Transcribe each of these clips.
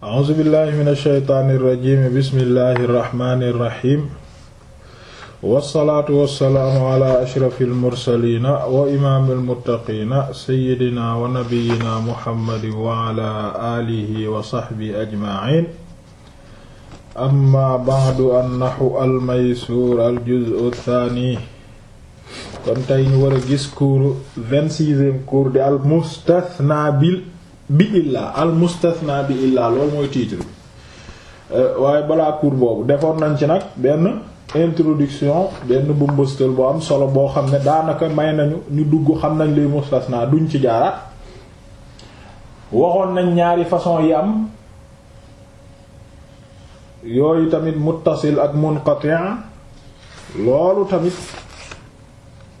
a'uuzu billahi min alsheytaani irrajim bismillahi irrahmani irrahim wassalaatu wassalaamu ala ashrafi almursalina wa imaami almuttaqiina seyidina wa nabiyina muhammadin wa ala aalihi wa saxbi ajmaciin amma baadu annaxu almaysuur aljuzu thaani kon tey ñu war a gis cours vingt-sixième cours di almustathna bil bi illa al mustathna bi illaa loolu mooy titre bi euh, waaye balaa cours boobu defoon nañ ci nag benn introduction benn bumbustal bu am solo boo xam ne daanaka may nañu ñu dugg xam nañ luy mustasna duñ ci jaaraat waxoon nañ ñaari façon yi am yooyu tamit muttasil ak munqati' loolu tamit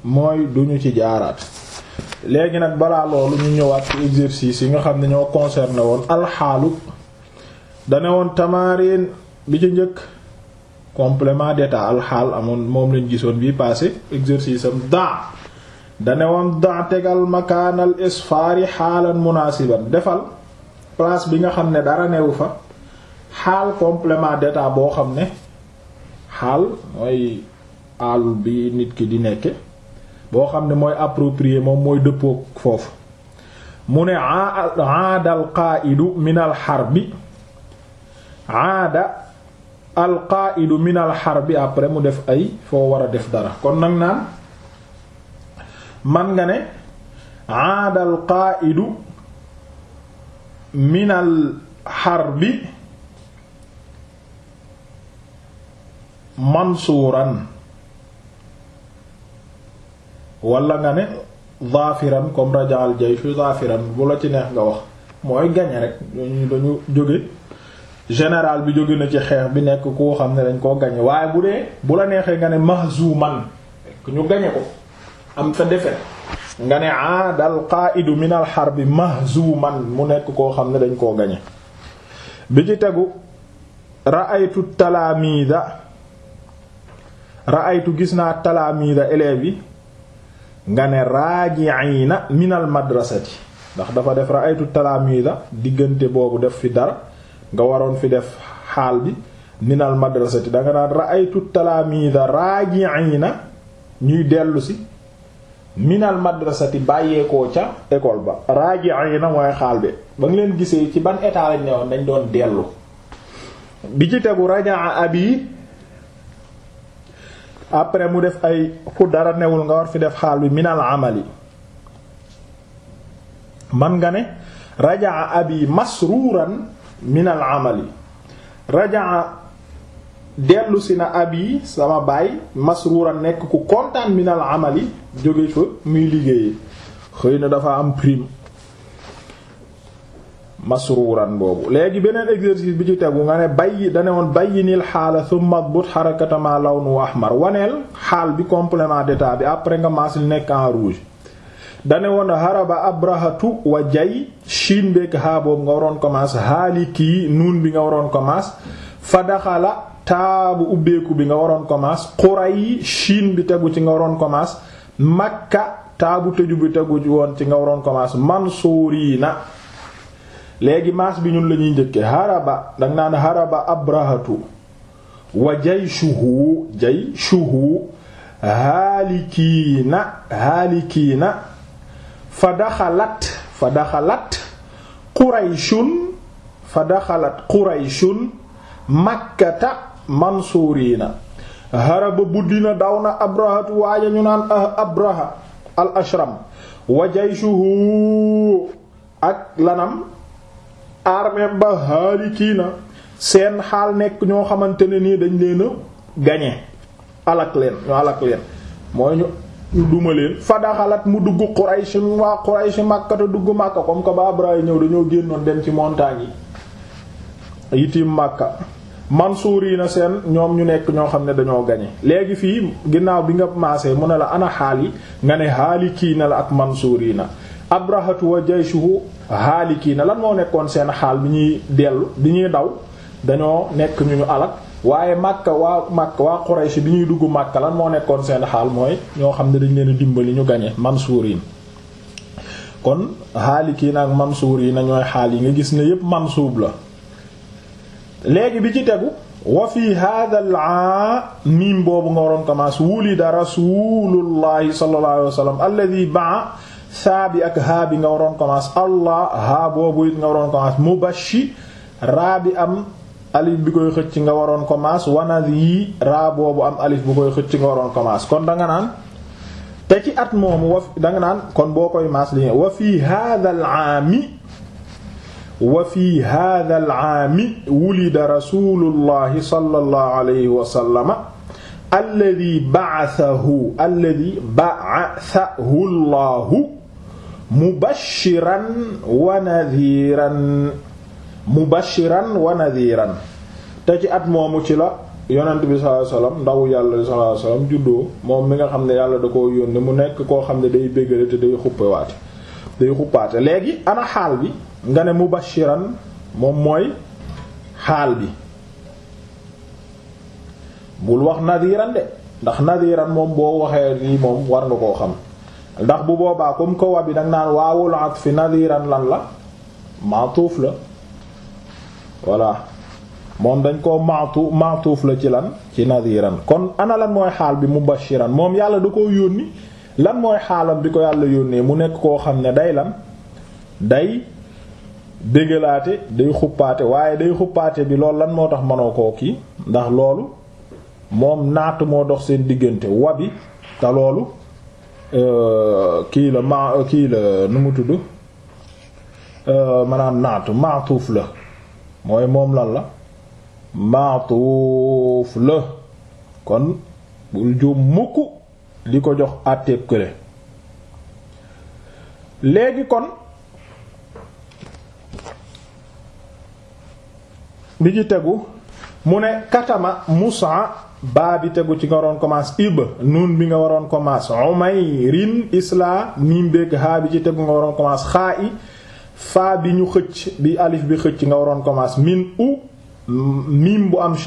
mooy duñu ci jaaraat léegi nag balaa loolu ñu ñëwaat ci exercice yi nga xam ne ñoo concerné woon alxaalu dane woon tamarin bi ci njëkk complément d'état alxaal amoon moom lañ gisoon bii passé exercice am daa dane woon daa tegal makaanal isfaari xaalan munaasiban defal place bi nga xam ne dara newu fa xaal complément d'état boo xam ne xaal mooy àll bi nit ki di nekke boo xam ne mooy approprié moom mooy dëppoo foofu mu ne aada alqaaidu min alxarbi aada alqaaidu min alxarbi après mu def ay foo war a def dara kon nag naan man nga ne aada alqaaidu min alxarbi mansuuran wala nga ne zafiran comme rajaal jaysh zafiran bu la ci neex nga wax mooy gañe rek dañu jóge général bi jóge na ci xeex bi nekk koo xam ne dañ koo gañe waaye bu dee bu la neexee nga ne mahzuman rek ñu gañe ko am sa defet nga ne aada al qaaidu min al harbi man mu nekk koo xam ne dañ koo gañe bi ci tegu ra'aytu talaamida ra'aytu gis naa talaamida élèves yi nga ne raajiina minal madrasati ndax dafa def ra'aytu talaamiida diggante boobu def fi dara nga waroon fi def xaal bi minal madrasati danga naan ra'aytu talaamiida na ñuy dellusi minal madrasati bàyyeekoo ca école ba raajiina mooy xaal bi ba nga leen gisee ci ban état lañ ne dañ doon dellu bi ci tegu rajaa abi après mu def ay ku dara newul nga war fi def xaal bi minal amali man nga ne rajaa abi masruuran minal amali rajaa dellusi si na abi sama baay masruuran nekk ku kontaan minal amali jóge fa muy liggéeyee xëy na dafa am prime masruuran boobu léegi beneen exercice bi ci tegu nga ne bay da ne woon bayyinil xaala thumma but xarakata ma lawnu ahmar waneel xaal bi complément d'état bi après nga maas li nekk en rouge da ne woon haraba abrahatu wa jay shin beek haa boobu nga waroon commence kii nuun bi nga waroon commence fa daxala taabu ubbeeku bi nga waroon commence qurayi shin bi tegu ci nga waroon commence makka taabu tëju bi tegu woon ci nga waroon commence mansuuriina léegi maas bi ñun la ñuy njëkke haraba dang naan haraba abrahatu wa jayshuhu jayshuhu haalikiina haalikiina fa daxalat fa daxalat qurayshun fa daxalat qurayshun makkata mansuuriina haraba buddina daw na abrahatu waaja ñu naan ah, abraha al ashram wa jayshuhu ak lanam armée ba kii na seen xaal nekk ñoo xamante ne nii dañ leen a gañe alak leen ñu alak leen mooy ñu duma leen fa daxalat mu dugg Quraysh waa Quraysh màkkata dugg màkka comme que ba ñëw dañoo génnoon dem ci montagne yi itim màkka na seen ñoom ñu nekk ñoo xam ne dañoo gañe léegi fii ginnaaw bi nga maasee mu ne la ana xaal yi nga ne haalikiina la ak na abrahatu wa jayshuhu haalikiina lan moo nekkoon seen xaal bi ñuy dellu bi ñuy daw dañoo nekk ñu ñu alak waaye Makka waa Makka waa Quraysh bi ñuy dugg Makka lan moo nekkoon seen xaal mooy ñoo xam ne dañ leen dimbali ñu gañe mansuuriin kon haalikiina ak mansuuriina ñooy xaal yi nga gis ne yépp mansuub la léegi bi ci tegu wa fi hadha al miim boobu nga waroon commence wulida rasulullahi sallallahu alayhi wa ba'a saa bi ak haa bi nga waroon commence allah haa boobu it nga waroon commence mubashi raa bi am alif bi koy xëcc nga waroon commence wanadhi raa boobu am alif bu koy xëcc nga waroon commence kon danga naan te ci at moomu wa danga naan kon boo koy maas li wa fi hadha al aami wa fi hadha al aami wulida rasulullahi sallallahu alayhi wa sallama alladi ba'athahu alladi ba'athahu allahu mubashiran wa nadhiran mubashiran wa nadhiran te ci at moomu ci la yonent bi sallallahu alayhi wasallam ndaw yàlla sallallahu alayhi wasallam juddoo moom mi nga xam ne yàlla da koo yónni mu nekk koo xam ne day béggale te day xuppewaate day xuppaate léegi ana xaal bi nga ne mubashiran moom mooy xaal bi bul wax nadhiran de ndax nadhiran moom boo waxee lii moom war nga koo xam ndax bu boobaa comme ko wabi danga naan waawul atfi nadiran lan la maatuuf la voilà moom dañ ko maatu maatuuf la ci lan ci nadiran kon ana lan mooy xaal bi mu mubashiran moom yàlla da koo yónni lan mooy xaalam bi ko yàlla yónnee mu nekk koo xam ne day lan day dégalaate day xuppaate waaye day xuppaate bi loolu lan moo tax mënoo koo kii ndax loolu moom naatu moo dox seen diggante wabi te loolu kii la ma kii la nu mu tudd euh, maanaam naatu maatuuf la mooy moom lan la maatuuf la kon bul juum mukk di ko jox àtteeb kële léegi kon bi ci tegu mu ne katama musa baa bi tegu ci nga waroon commence ib nuun bi nga waroon commence umayrin isla miim bi ñu xëcc bi alif bi xëcc nga waroon commence min u ak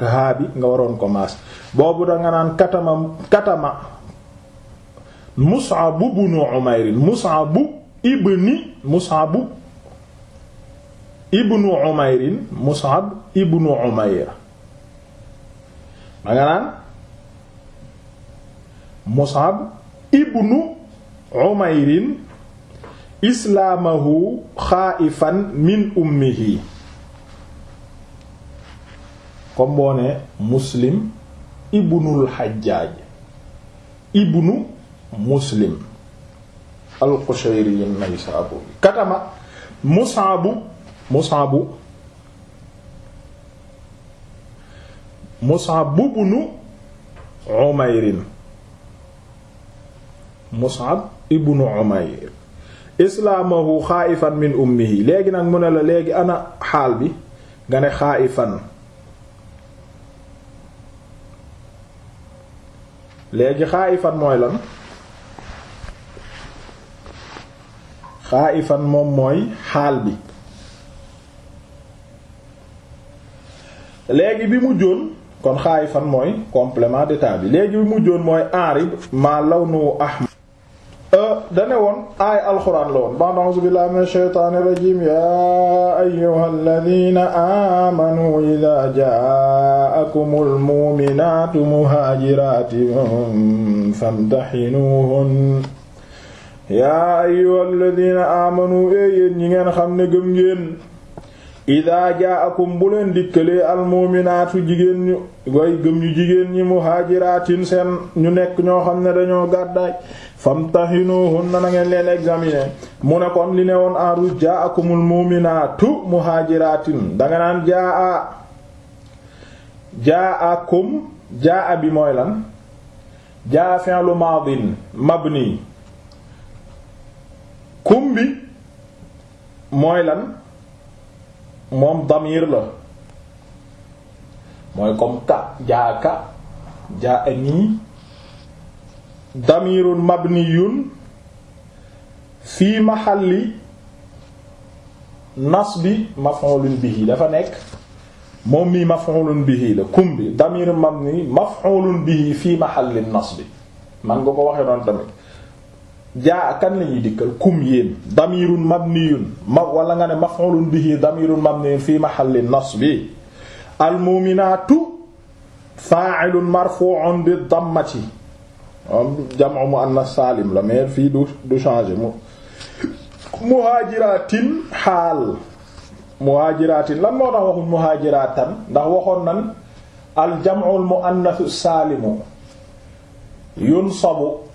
haa waroon commence boobu danga naan katama ibnu umayrin mus'ab ibnu umayrin mus'ab ibnu umayr danga naan Mus'ab ibnu Umayrin islaamahu xaaifan min ummihi comme boo ne Muslim ibnul Hajjaaj ibnu Muslim al-Qushayri an-Naysaburi katama Mus'ab Mus'ab Mus'ab bu Umayr Mus'ab ibnu Umayr islaamahu xaaifan min ummihi léegi nag mu ne la léegi ana xaal bi nga ne xaaifan léegi xaaifan mooy lan xaaifan moom mooy xaal bi léegi bi mu jóon kon xaayifan mooy complément d'état bi léegi bi mujjoon mooy aarib maa lawnu ahmar euh, dane woon aaya alxuraan la woon ba'da a'uuzu billahi minash shaytaanir rajiim yaa ayyuhalladhiina aamanuu idhaa jaa'akumul mu'minaatu muhaajiraatin famtahinuuhunna yaa ayyuhalladhiina aamanuu yéen ñi ngeen xam ne gëm idaa jaakum bu leen dikkalee almuminaatu jigéen ñu way gëm ñu jigéen ñi muhaajiraatin seen ñu nekk ñoo xam ne dañoo gàddaay famtahinuhunna na ngeen leen examiner mu ne kon li ne woon enrou jaakumul danga naan jaa a jaa jaa a bi mooy lan jaa fi'lu maadin mabni kum bi mooy lan moom damir la mooy comme ka jaaka jaa anii damirun mabniyun fii mahalli nasbi bi bihi dafa nekk moom mii maf'ulun bihi la kum bi damirun mabni maf'ulun bihi fii mahalli nasbi man nga ko waxee noonu tamit jaa kan la dikkal kum yéen damirun mabniyun ma wala nga ne maf'ulun bihi damirun mabniyun fi mahalli nasbi almuminaatu fa'ilun marfu'un bi dammati jam'u muannas saalim la mais fii du du changer mu muhajiraatin xaal muhajiraatin lan moo tax waxuñ muhajiraatan ndax waxoon nan al jam'u al muannas saalimu yunsabu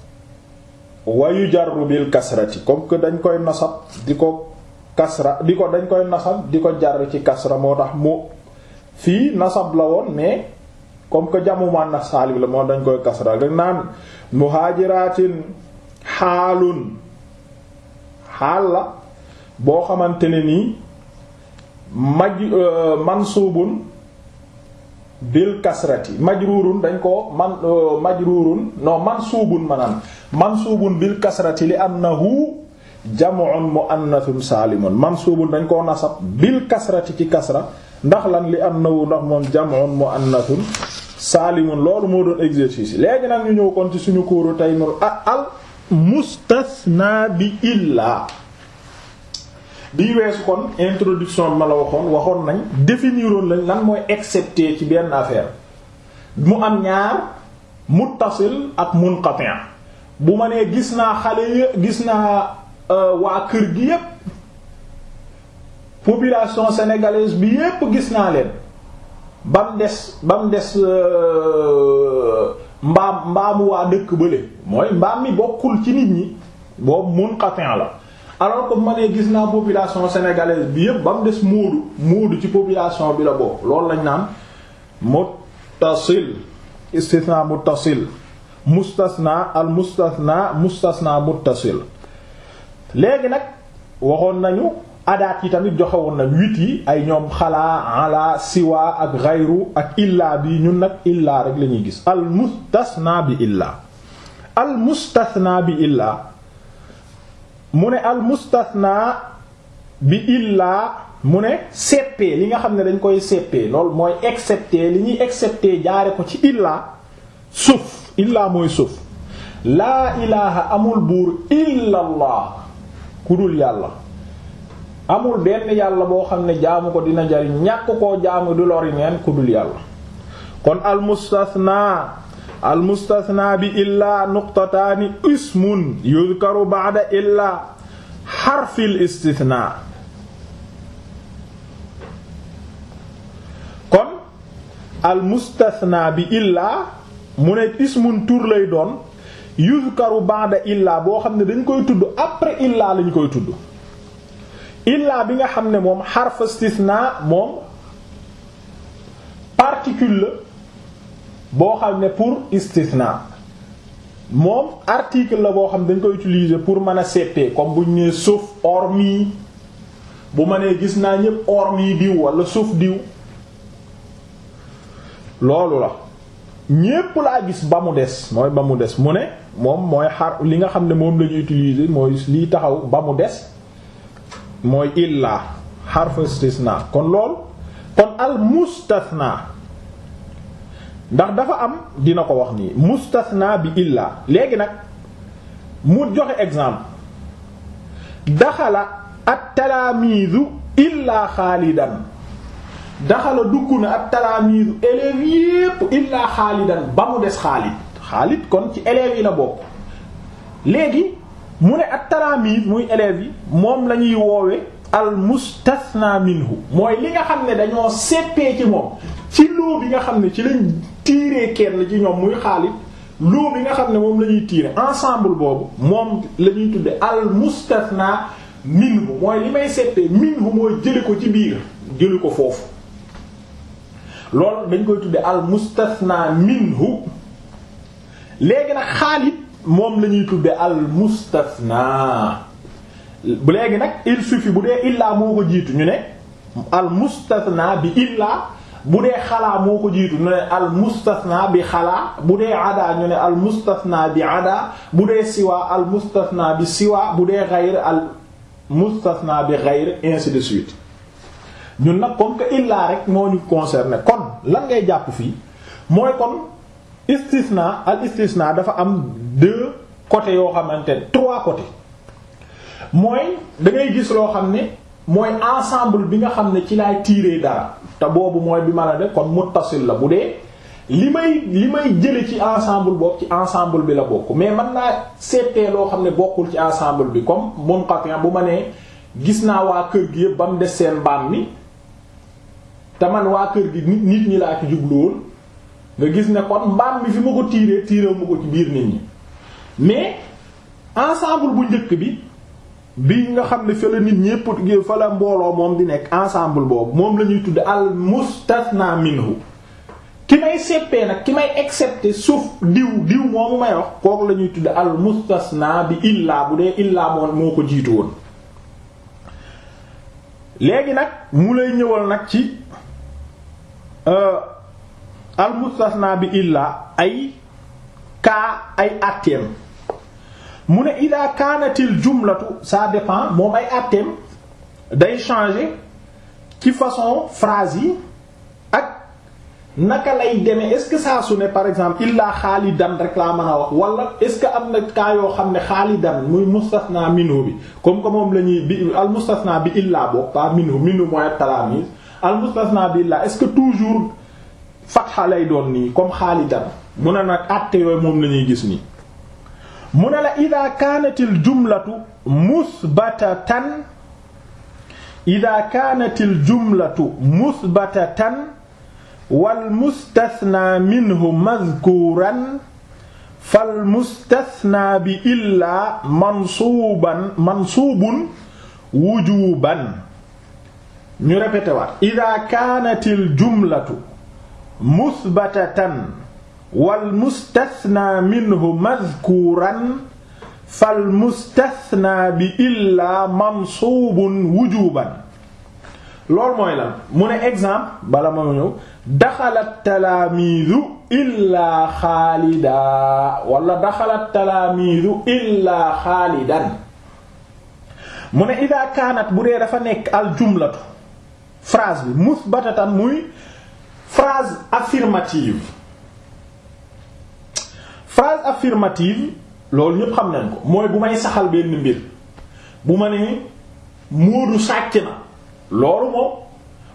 wayu jarru bil kasrati comme ko dañ koy nasab di ko kasra di ko dañ koy nasab di ko jar ci kasra moo tax mu fii nasab la woon mais comme que jamu muannas saalim la moo dañ koy kasra rek naan muhajiraatin xaalun xaal la boo xamante ne nii maj euh, mansuubun bil kasrati majruurun dañ ko man euh, majruurun ma mansuubun mansuubun bil kasrati li annahu jam'un muannathun saalimun mansuubun dañ koo nasab bil kasrati ci kasra ndax lan li annahu ndax moom jam'un muannathun saalimun loolu moo doon exercice léegi nag ñu ñëw kon ci suñu kóoru tay noonu al mustasna bi illaa bii weesu kon introduction bi ma la waxoon waxoon nañ définiroon lañ lan mooy excepté ci benn affaire mu am ñaar muttasil ak munqati' bu ma nee gis naa xale yë- gis naa euh, waa kër gi yépp population sénégalaise bi yépp gis naa leen ba mu des ba mu des euh, mbaam mbaamu waa dëkk bële mooy mbaam mi bokkul ci nit ñi boobu munqatin la alors que bu ma nee gis naa population sénégalaise bi yépp ba mu des móodu móodu ci population bi la bokk loolu lañ naan muttasil istithna muttasil mustasna al mustasna mustasna muttasil léegi nag waxoon nañu adaat yi tamit joxewoon na nañ yi ay ñoom xalaa ala siwa ak xayru ak illaa bi ñun nag illa rek lañuy ñuy gis al mustasna bi illa al mustasna bi illa mu ne al mustasna bi illaa mu ne seppee li nga xam ne dañ koy seppee loolu mooy excepté li ñuy excepté jaare ko ci illa suuf illaa mooy suuf laa ilaaha amul buur illallah ku dul yàlla amul benn yàlla boo xam ne jaamu ko dina jariñ ñàkk koo jaamu du lori neen ku dul yàlla kon almustasna almustasna bi illaa nuqtataani ismun yuzkaru ba'da illaa xarfil istithna kon almustasna bi illaa mu ne ismun tur lay doon yuzkaru baada illaa boo xam ne dañ koy tudd après illaa lañ koy tudd illaa bi nga xam ne moom xarf istisna moom particule la boo xam ne pour istisna moom article la boo xam ne dañ koy utiliser pour mën a seetee comme buñ nee sauf hormis bu ma nee gis naa ñépp hormis diw wala suuf diw loolu la ñépp laa gis ba mu des mooy ba mu des mu ne moom mooy xar li nga xam ne moom la ñu utiliser mooy liy taxaw ba mu des mooy illaa xarfu istisna kon lool kon al mustasna ndax dafa am dina ko wax nii mustasna bi illaa léegi nag mu joxe exemple daxala ak talaamiizu illaa xaalidan daxala dugg na ak talaamiisu élèves yépp illaa xaalidan ba mu des xaalid xaalid kon ci élèves yi la bokk léegi mu ne ak talaamiis muy élèves yi moom la ñuy woowe al mustasna minhu mooy li nga xam ne dañoo seppee ci moom ci loo bi nga xam ne ci lañ tiiree kenn ci ñoom muy xaalid loo bi nga xam ne moom la ñuy tiire ensemble boobu moom la ñuy tudde al mustasna minhu mooy li may seppee minhu mooy jëli ko ci biir jëli ko foofu loolu dañ koy tudde al mustasna minhu léegi nag Xaalid moom la ñuy tudde al mustasna bu léegi nag il suffit bu dee illaa moo ko jiitu ñu ne al mustasna bi illa bu dee xalaa moo ko jiitu ñu ne al mustasna bi xalaa bu dee ada ñu ne al mustasna bi ada bu dee siwa al mustasna bi siwa bu dee xayr al mustasna bi xayr ainsi de suite ñun nag comme que illaa rek moo ñu concerné kon lan ngay jàpp fii mooy kon istisna al istisna dafa am deux côtés yoo xamante ne trois côtés mooy dangay gis loo xam ne mooy ensemble bi nga xam ne ci laay tirer dara te boobu mooy bi ma la def kon muttasil la bu dee li may li may jële ci ensemble boobu ci ensemble bi la bokk mais man naa seetee loo xam ne bokkul ci ensemble bi comme munqati bu ma nee gis naa waa kër gi yëpp ba mu des seen mbaam mi te man waa kër gi nit ñi laa ci jubluwoon nga gis ne kon mbaam mi fi ma ko tiiree tiirew ma ko ci biir nit ñi mais ensemble bu njëkk bi bi nga xam ne fa la nit ñépp fa la mbooloo moom di nekk ensemble boobu moom la ñuy tudde al mustasna minhu ki may seppee nag ki may excepté suuf diw diw moomu may wax kooku la ñuy tudde bi illaa bu dee illaa moom moo ko jiitu woon léegi nag mu lay ñëwal nag ci Euh, al mustasna bi illaa ay kaa ay atteem mu ne ida kaanatil jumlatu ça dépend moom ay atteem day changer ci façon phrase yi ak naka lay demee est-ce que saa su ne par exemple illaa xaalidan rek laa mën a wax wala est-ce que am na kaa yoo xam ne xaalidan muy mustasna minhu bi comme que moom la ñuy bi al mustasna bi illa boobu pas minhu minhu mooy talamis al mustasna billah est-ce que toujours lay doon nii comme xaalidan mu ne nag àtte yooyu moom la ñuy gis ni mu ne la ida kaanatil jumlatu musbatatan ida kaanatil jumlatu musbatatan wal mustasna minhu mazkuran fal mustasna bi illaa mansuuban mansuubun wujuban ñu répété waat ida kaanatil jumlatu musbatatan wal mustasna minhu mazkuran fal mustasna bi illaa mansuubun wujuban loolu mooy lan mu ne exemple bala ma ñëw daxalat ne ida kaanat bu dee dafa nekk al jumlatu phrase bi musbatatan muy frase affirmative phrase affirmative loolu ñépp xam nañ ko mooy bu may saxal benn mbir bu ma nee Moodu sàcc na loolu moom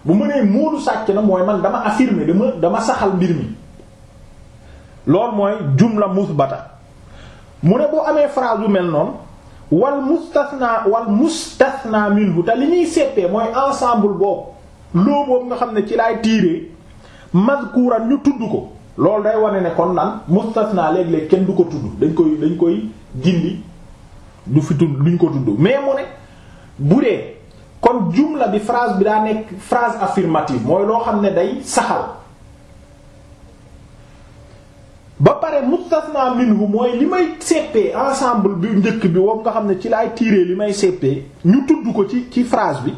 bu ma nee Moodu sàcc na mooy man dama affirmer dama saxal mbir mi loolu mooy jumla musbata mu ne boo amee phrase bu mel noonu wal mustasna wal mustasna minhu te li ñuy seppee mooy ensemble boobu loo boobu nga xam ne ci laay tiiree mazkuran ñu tudd ko loolu day wane ne kon lan mustasna léeg-léeg kenn du ko tudd dañ koy dañ koy gindi du fi tudd duñ ko tudd mais mu ne bu dee kon jumla bi phrase bi daa nekk phrase affirmative mooy loo xam ne day saxal ba pare mustasna minhu mooy li may seppee ensemble bi njëkk bi woom nga xam ne ci laay tiiree li may seppee ñu tudd ko ci ci phrase bi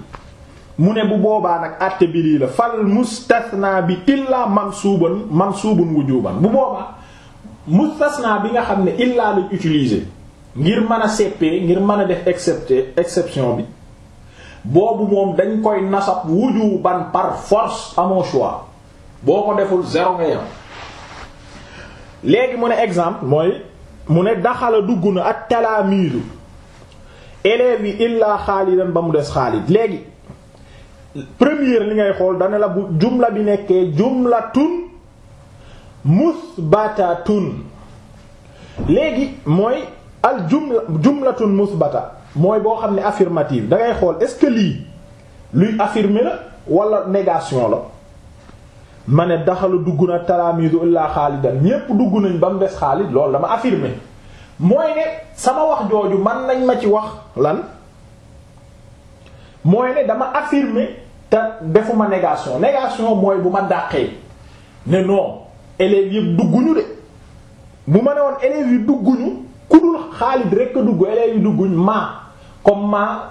mu ne bu boobaa nag àtte bi lii la fal mustasna bi illaa mansuuban mansuubun wujuban bu boobaa mustasna bi nga xam ne illaa lañ utiliser ngir mën a seppee ngir mën a def excepté exception bi boobu moom dañ koy nasab wujuban par force amoo choix boo ko deful zéro nga yam léegi mu ne exemple mooy mu ne daxala dugg na ak talaamiidu élèves yi illaa xaalidan ba mu des xaalid léegi première li ngay xool dana la bu jumla bi nekkee jumlatun musbatatun léegi mooy al jumla jumlatun musbata mooy boo xam ne affirmative da xool est-ce que lii luy affirmer la wala négation la ma ne daxalu dugg na talaamidu illaa xaalidan ñépp dugg nañ ba mu des xaalid loolu dama affirmer mooy ne sama wax jooju man nañ ma ci wax lan mooy ne dama affirmer te defuma négation négation mooy bu ma dàqee ne non élèves yëpp dugguñu de bu ma ne woon élèves yi dugguñu ku dul Xaalid rekk a dugg élèves yi dugguñ maa comme maa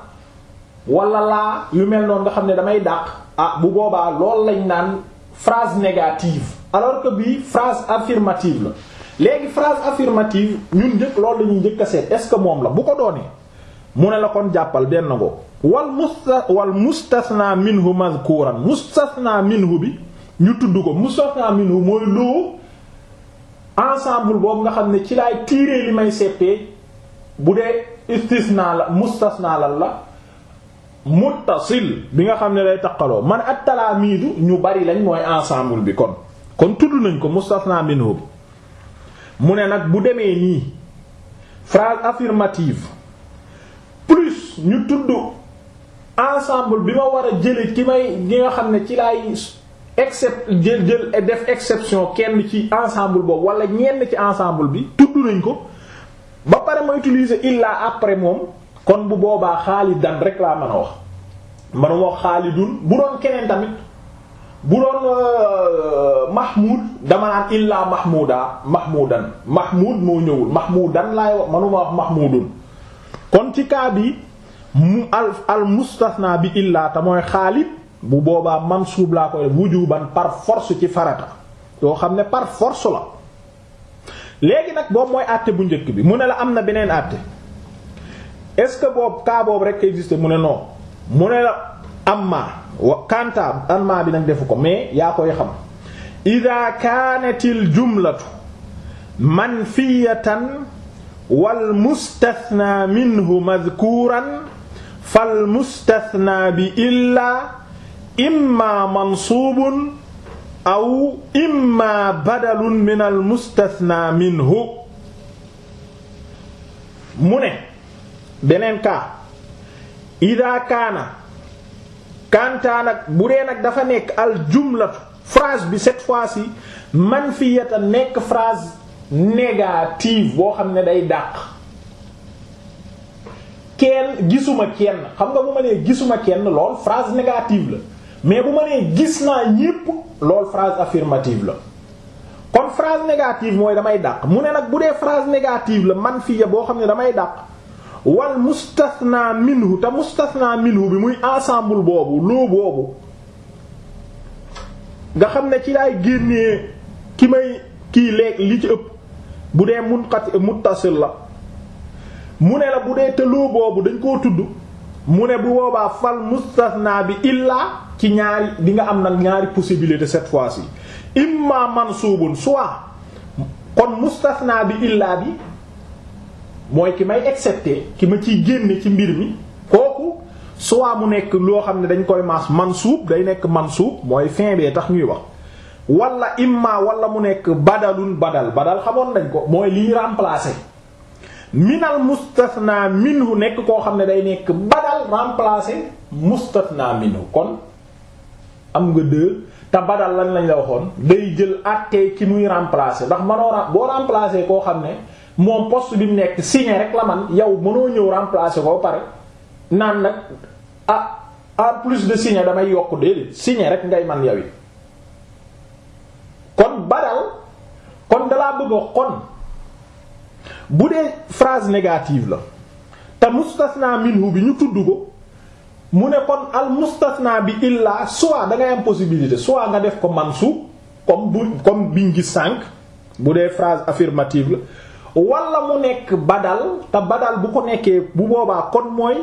wala laa yu mel noonu nga xam ne damay dàq ah bu boobaa loolu lañ naan phrase négative alors que bii phrase affirmative la léegi phrase affirmative ñun njëkk loolu la ñuy njëkk a seet est-ce que moom la bu ko doonee mu ne la kon jàppal benn ko wal musta wal mustasna minhu madhkuran mustasna minhu bi ñu tudd ko mustasna minhu mooy loo ensemble boobu nga xam ne ci laay tiiree li may settee bu dee istisna la mustasna la la muttasil bi nga xam ne lay taqaloo man at talaamiidu ñu bari lañ mooy ensemble bi kon kon tudd nañ ko mustasna minhu bi mu ne nag bu demee nii phrase affirmative plus ñu tudd ensemble bi ma war a jële ki may ñi nga xam ne ci laay except jël jël def exception kenn ci ensemble boobu wala ñenn ci ensemble bi tudd nañ ko ba pare ma utiliser illaa après moom kon bu boobaa xaalidan rek laa mën a wax man wax xaalidun bu doon keneen tamit bu doon euh, mahmud dama naan illaa mahmuda mahmudan mahmud moo ñëwul mahmudan laay wax manuma wax mahmudun kon ci cas mu al mustasna bi illaa te mooy xaalib bu boobaa mansuub laa koy wujuban par ci farata yoo xam ne par force la léegi nag boobu mooy àtte bu njëkk bi mu ne la am na beneen àtte est-ce que boobu cas rek existe mu ne non mu ne la amma wa kanta amma bi nag defu ko mais yaa koy xam ida kaanatil jumlatu manfiyatan wal mustathna minhu madhkuran fal mustathna bi illaa imma mansuubun aw imma badalun min al mustathna minhu mu ne beneen kaa ida kaana kantaa nag bu dee nag dafa nekk al jumlatu phrase bi cette fois-ci manfiyata nekk phrase négative boo xam ne day dàq kenn gisuma kenn xam nga bu ma nee gisuma kenn lool phrase négative la mais bu ma nee gis naa ñépp lool phrase affirmative la kon phrase négative mooy damay dàq mu ne nag bu dee phrase négative la man fiya boo xam ne damay dàq wal mustasna minhu te mustasna minhu bi muy ensemble boobu loo boobu nga xam ne ci laay génnee ki may kii léeg li ci ëpp bu dee munqati muttasil la mu ne la bu dee tëloo boobu dañ koo tudd mu ne bu boobaa fal mustasna bi illaa ci ñaari di nga am nag ñaari possibilité cette fois-ci imma mansubun soit kon mustasna bi illaa bi mooy ki may excepté ki ma ciy génne ci mbir mi kooku soit mu nekk loo xam ne dañ koy maas mansuub day nekk mansuub mooy fin bee tax ñuy wax wala imma wala mu nekk badalun badal badal xamoon nañ ko mooy liy remplacer minal mustasna minhu nekk koo xam ne day nekk badal remplacer naa minhu kon am nga deux te badal lan lañ la waxoon day jël àttee ci muy remplacer ndax manoo boo remplacer koo xam ne moom poste bi mu nekk signé rek la man yow mënoo ñëw remplacer ko pare naan nag ah en plus de signé damay yokk déedéet signé rek ngay man yow yi kon badal kon dalaa bëgg a xon bu dee phrase négative la te mustasna minhu bi ñu tudd ko mu ne kon al mustasna bi illa soit da ngay am possibilité soit nga def ko mansu comme bu comme biñ gis sànq bu dee phrase affirmative la wala mu nekk badal te badal bu ko nekkee bu boobaa kon mooy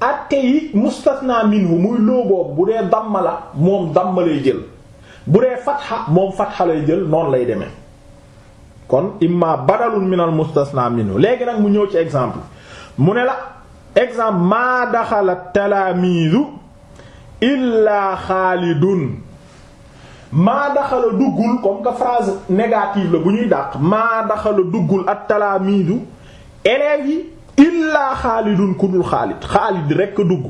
atte yi mustasna minhu muy looboobu bu dee damma la moom damma lay jël bu dee fatxa moom fatxa jël noonu lay demee kon imma badalun min al mustasna minhu léegi nag mu ñëw ci exemple mu ne la exemple maa daxala talaamiidu illaa xaalidun maa daxala duggul comme que phrase négative la bu ñuy dàq maa daxala duggul at talaamiidu élèves yi illaa xaalidun ku dul xaalid xaalid rekk dugg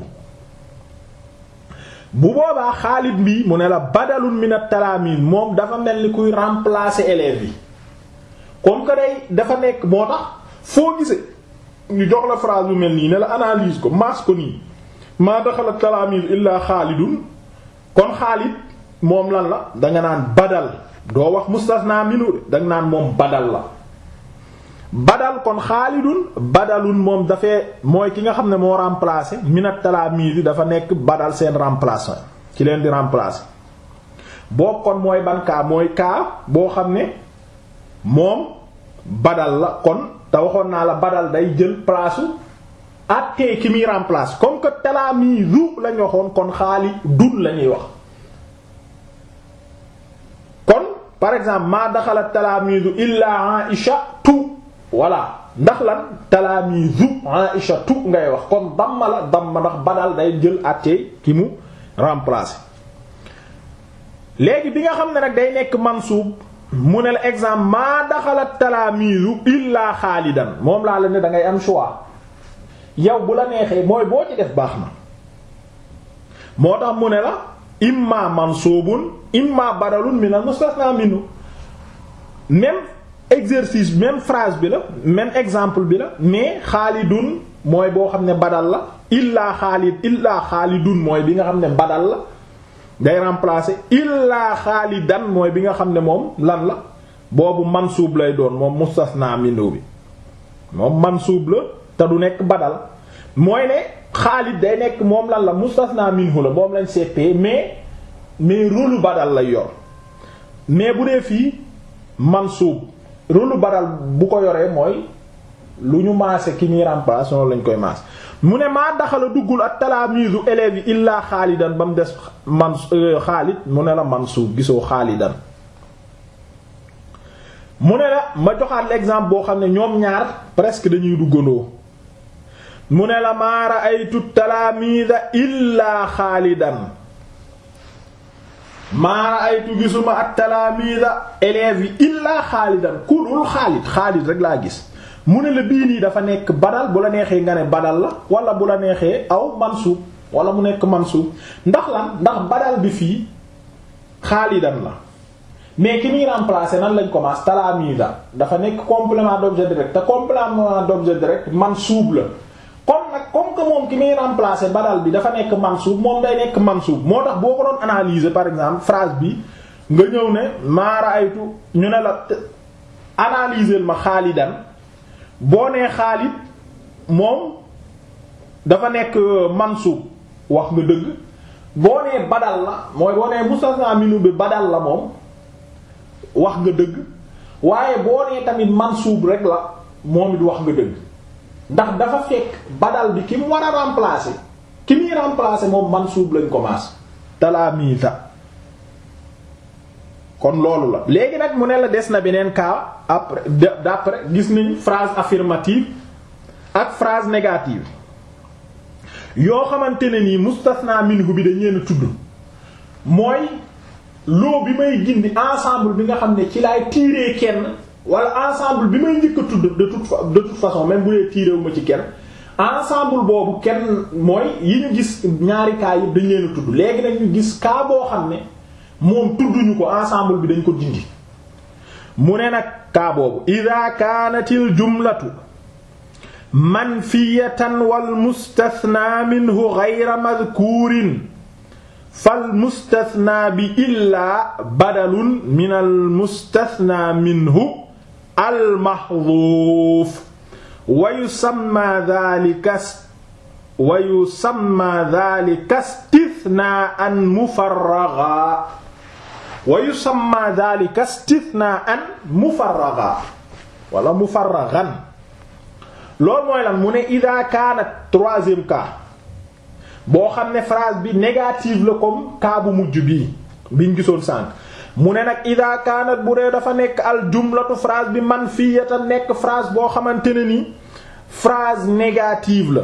bu boobaa xaalid bi mu ne la badalun min at talaamiid moom dafa mel ni kuy remplacer élèves yi comme que day dafa nekk moo tax foo gisee ñu jox la phrase bu mel nii ne la analyse ko maas ko nii maa daxala talaamil illaa xaalidun kon xaalid moom lan la danga naan badal doo wax mustasna minu danga naan moom badal la badal kon xaalidun badalun moom dafee mooy ki nga xam ne moo remplacé minat talaamil yi dafa nekk badal seen remplacement ci leen di remplacé boo kon mooy ban mooy kaa boo xam ne moom badal la kon te waxoon naa la badal day jël place attee ki muy remplace comme que talaamiizu lañ waxoon kon xaali dun lañuy wax kon par exemple maa daxala talaamiizu illaa Aïcha tu voilà ndax lan talaamiizu Aïcha tu ngay wax kon damma la damma ndax badal day jël attee ki mu remplacer léegi bi nga xam ne rek day nekk mansuub mu ne la exemple maa daxalat talaamiizu illaa xaalidan moom laa la dangay da ngay am choix yow bu la neexee mooy boo ci def baax na moo tax mu ne la imma mansuubun imma badalun min al-mustasna minhu même exercice même phrase bi la même exemple bi la mais xaalidun mooy boo xam ne badal la illaa xaalid illaa xaalidun mooy bi nga xam ne badal la day remplacer illaa xaalidan mooy bi nga xam ne moom lan la boobu mansuub lay doon moom naa minhu bi moom mansuub la te du nekk badal mooy ne xaalid day nekk moom lan la naa minhu la moom lañ seppee mais mais rôle badal lay yor mais bu dee fii mansuub rôle badal bu ko yoree mooy lu ñu maase ki ñuy remplacer lañ koy maase mu ne maa daxala duggul ak talaamiisu élèves yi illaa xaalidan ba mu des man euh, xaalid mu ne la ne ma joxaat l'exemple boo xam ne ñoom ñaar presque dañuy duggandoo mu ne la maa ra'aytu talaamiisa illaa xaalidan maa ra'aytu gisuma at talaamiisa élèves yi illaa xaalidan ku dul xaalid xaalid rek laa gis mu ne la bii nii dafa nekk badal bu la neexee nga ne badal la wala bu la neexee aw mansuub wala mu nekk mansuub ndax lan ndax badal bi fii xaalidan la mais ki muy remplacer nan lañ commence talaamida dafa nekk complément d'objet direct te complément d'objet direct mansuub la kon nag comme que moom ki muy remplacer badal bi dafa nekk mansuub moom day nekk mansuub moo tax boo ko doon analyser par exemple phrase bi nga ñëw ne maara aytu ñu ne la analyser ma xaalidan boo nee Xaalid moom dafa nekk euh, mansub wax nga dëgg boo nee badal la mooy boo nee mustasna minu bi badal la moom wax nga dëgg waaye boo nee tamit mansub rek la moom it wax nga dëgg ndax dafa fekk badal bi ki mu war a remplacer ki muy remplacer moom mansub lañ commencé talaamita kon loolu la léegi nag mu ne la des na beneen cas après d'après gis nañ phrase affirmative ak phrase négative yoo xamante ne nii mustasna minhu bi dañu leen tudd mooy loo bi may gindi ensemble bi nga xam ne ci laay tiiree kenn wala ensemble bi may njëkk tudd de toute de toute façon même bu dee tiirewu ci kenn ensemble boobu kenn mooy yi ñu gis ñaari cas yi dañu leen tudd léegi nag ñu gis kaa boo xam ne. moom tudduñu ko ensemble bi dañ ko dindi mu ne nag kaa boobu ida kaanatil jumlatu manfiyatan wal mustasna minhu ghayra madhkurin fal mustasna bi illaa badalun min al mustasna minhu al mahdhuuf wa yusamma dhalika wa yusamma dhalika istithnaa'an mufarragha wa yusamma dhalika istithna'an mufarragha wala mufarraghan loolu mooy lan mu ne idha kaanat troisième cas boo xam ne phrase bi négative la comme cas bu mujj bi biñ gisoon sànq mu ne nag idha kaanat bu dee dafa nekk al jumlatu phrase bi man manfiyata nekk phrase boo xamante ne ni phrase négative la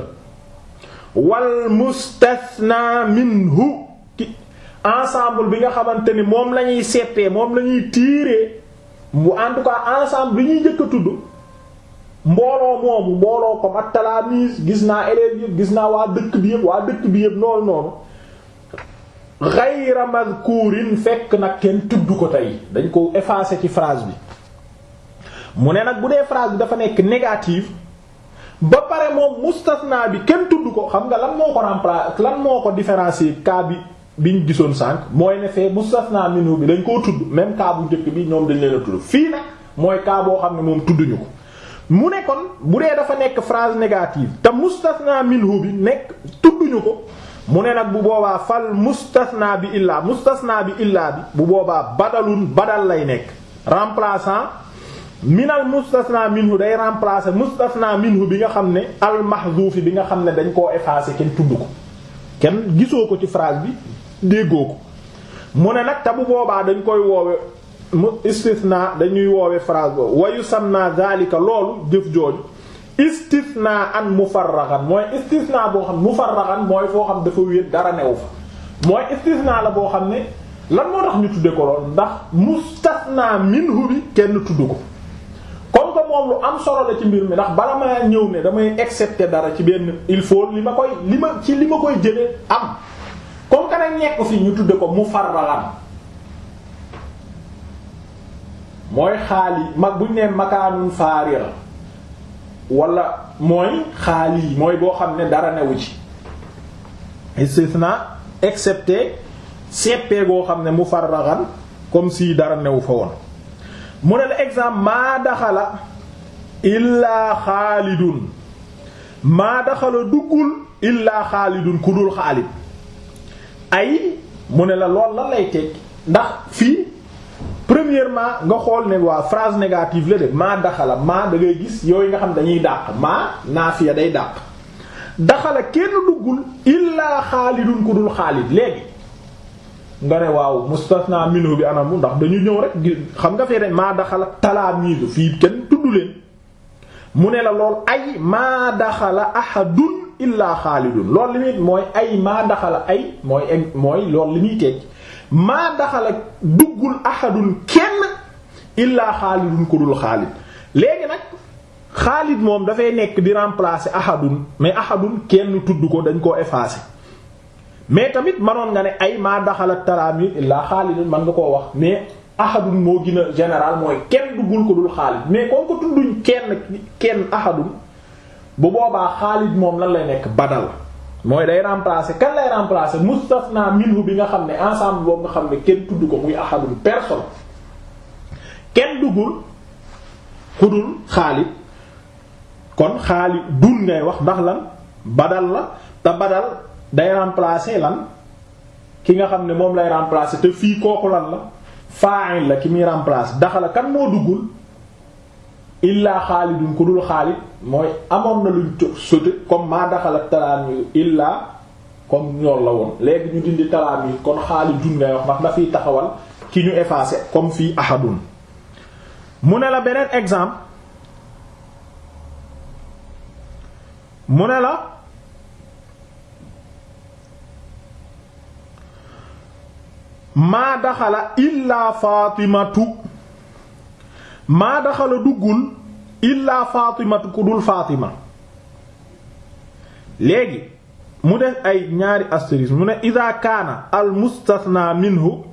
wal mustathna minhu ensemble bi nga xamante ni moom la ñuy seetee moom la ñuy tiiree mu en tout cas ensemble bi ñuy njëkk a tudd mbooloo moomu mbooloo comme ak gis naa élèves yëpp gis naa waa dëkk bi yëpp waa dëkk bi yëpp noonu noonu ghayra madhkurin fekk nag kenn tudd ko tey dañ ko effacer ci phrase bi mu ne nag bu dee phrase bi dafa nekk négative ba pare moom mustasna bi kenn tudd ko xam nga lan moo ko remplacer lan moo ko différencier cas bi biñ gisoon sànq mooy ne fee mustasna minhu bi dañ koo tudd même cas bu njëkk bi ñoom dañ leen a tudd fii nag mooy cas boo xam ne moom tudduñu ko mu ne bu dee dafa nekk phrase négative te mustasna minhu bi nekk tudduñu ko mu ne nag bu boobaa fal mustasna bi illaa mustasna bi illaa bi bu boobaa badalun badal lay nekk remplaçant minal mustasna minhu day remplacer mustasna minhu bi nga xam ne al mahzufi bi nga xam ne dañ koo effacer kenn tudd ko kenn gisoo ko ci phrase bi déggoo ko mu ne nag te bu boobaa dañ koy woowe mu istithna dañuy woowe phrase boobu wa yusanna zalika loolu jëf jooju istithna an mufarraxan mooy istithna boo xam mufarraxan mooy foo xam dafa wéet dara new fa mooy istithna la boo xam ne lan moo tax ñu tudde ko lool ndax mustasna minhu bi kenn tudd ko comme que moom lu am solo la ci mbir mi ndax bala ma ñëw ne damay accepter dara ci benn il faut li ma koy li ma ci li ma koy jëlee am comme que nag nekk fi ñu tudde ko mu farbalan mooy xaali mag buñ ne makaanun faarira wala mooy xaali mooy boo xam ne dara newu ci na excepté seppee boo xam ne mu farraxan comme si dara new fa woon mu ne la exemple maa daxala illaa xaalidun maa daxala duggul illaa xaalidun ku dul xaalid ay mu ne la lool lan lay teg ndax fii premièrement nga xool ne waa phrase négative la de maa daxala maa da ngay gis yooyu nga xam dañuy dàq maa naafiya day dàq daxala kenn duggul illaa xaalidun ku dul xaalid léegi nga ne waaw mustasna minhu bi anamu ndax dañu ñëw rek xam nga fee ne maa daxala talaamiizu fii kenn tudd leen mu ne la lool ay maa daxala ahadun illaa xaalidun loolu li muy mooy ay maa daxala ay mooy egg mooy loolu li muy tekki maa daxala duggul ahadun kenn illaa xaalidun ku dul xaalid léegi nag xaalid moom dafay nekk di remplacer ahadun mais ahadun kenn tudd ko dañ koo effacer mais tamit manoon nga ne ay maa daxala talaami illaa xaalidun man nga koo wax mais ahadun moo gën a général mooy kenn duggul ko dul xaalid mais kon ko tudduñ kenn kenn ahadun bu boobaa Xaalid moom lan lay nekk badal mooy day remplacer kan lay remplacer naa minhu bi nga xam ne ensemble boobu nga xam ne kenn tudd ko muy ahadul personne kenn duggul xudul Xaalid kon Xaalid dun ngay wax ndax lan badal la te badal day remplacer lan ki nga xam ne moom lay remplacer te fii kooku lan la fa'il la ki muy remplacer daxala kan moo duggul illaa xaalidun ku dul xaalid mooy amoon na luñ sote comme maa daxala talaamiiz illaa comme ñool la woon léegi ñu dindi talaamiiz kon xaalidun ngay wax ndax dafiy taxawal ki ñu effacé comme fii ahadun mu ne la beneen exemple mu ne la maa daxala illaa faatimatu maa daxala duggul illaa faatimatu ku dul faatima léegi mu def ay ñaari astérisque mu ne ida kaana al minhu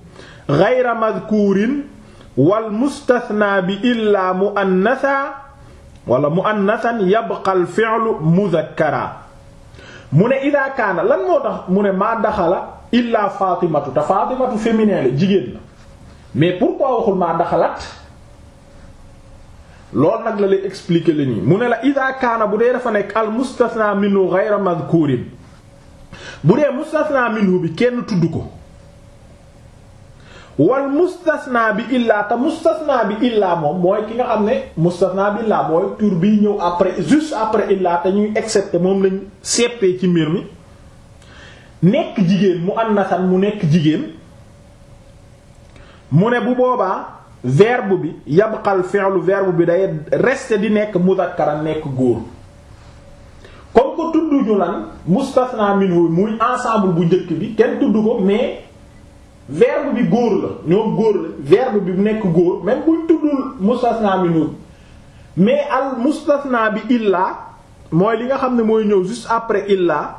gayra madkuurin wal mustasna bi illaa muannasa wala muannasan yabqa mu ne ida kaana lan moo tax mu ne maa daxala illaa faatimatu te faatimatu féminin la jigéen la mais pourquoi waxul maa daxalat loolu nag la lay expliquer li mu ne la ida kaana bu dee dafa nekk al mustasna minhu ghayra madhkurin bu dee mustasna minhu bi kenn tudd ko wal mustasna bi illaa te mustasna bi illaa moom mooy ki nga xam ne mustasna bi illaa mooy tur bi ñëw après juste après illaa te ñuy excepté moom lañ seppee ci mbir mi nekk jigéen mu annasan mu nekk jigéen mu ne bu boobaa verbe bi yabqal fi'lu verbe bi day reste di nekk mudhakkaran nekk góor comme ko tudd ñu lan mustasna minhu muy ensemble bu njëkk bi kenn tudd ko mais verbe bi góor la ñoom góor la verbe bi nekk góor même buñ tuddul mustasna minhu mais al mustasna bi illa mooy li nga xam ne mooy ñëw juste après illa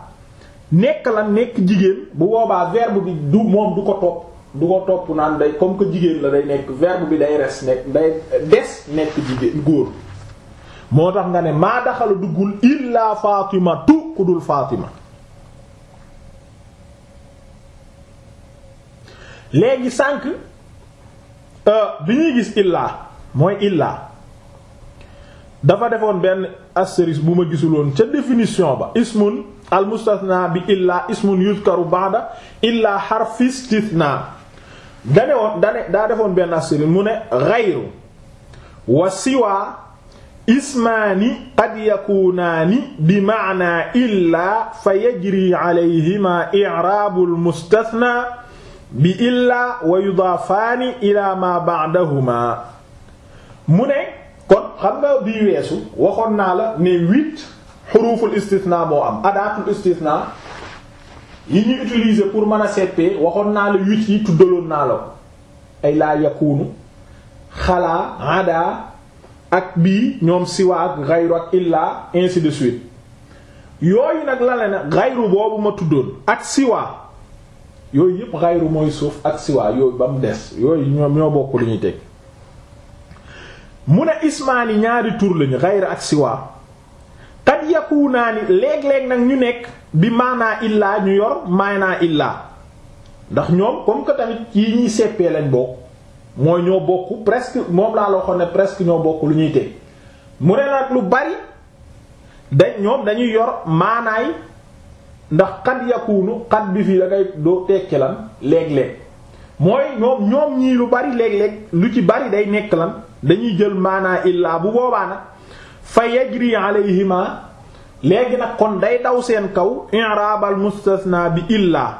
nekk la nekk jigéen bu boobaa verbe bi du moom du ko topp du ko topp naan day comme que jigéen la day nekk verbe bi day res nekk day des nekk jigéen góor moo tax nga ne maa daxala duggul illaa Fatima tu ku dul Fatima léegi sànq euh, bi ñuy gis illaa mooy illaa dafa defoon benn astérisque bu ma gisuloon ca définition ba ismun al mustasna bi illaa ismun yuzkaru ba'da illaa harfi dane woon dane daa defoon benn assyri mu ne xayru wa siwaa ismaani qad yakuunaani bi maana illaa fa yajri calayhima iraabu almustathna bi illaa wa yudaafaani ila ma ba'dahuma mu ne kon xam nga bii weesu waxoon naa la ne huit xuruuful istithna moo am adaatul istithna yi ñu utiliser pour mën a seppee waxoon naa la huit yi tuddaloon naa la ko ay laa yakunu xalaa ada ak bii ñoom siwa ak xayru ak illaa ainsi de suite yooyu nag la la xayru boobu ma tuddoon ak siwa yooyu yëpp xayru mooy suuf ak siwa yooyu ba mu des yooyu ñoo bokk li ñuy teg mu ne ismaani ñaari tur lañu xayru ak siwa kat yakunaani léeg-léeg nag ñu nekk bi maanaa illaa ñu yor maanaa illaa ndax ñoom comme que tamit yi ñuy seppee lañ bokk mooy ñoo bokk presque moom laa la waxoon ne presque ñoo bokk lu ñuy teg mu ne nag lu bari dañ ñoom dañuy yor maanaay ndax xat yakunu xat bi fii da doo tekki lan léeg-léeg mooy ñoom ñoom ñii lu bari léeg lu ci bari day nekk lan dañuy jël maanaa illaa bu boobaa nag fa yajri alayhima léegi nag kon day daw seen kaw i'rab al bi illa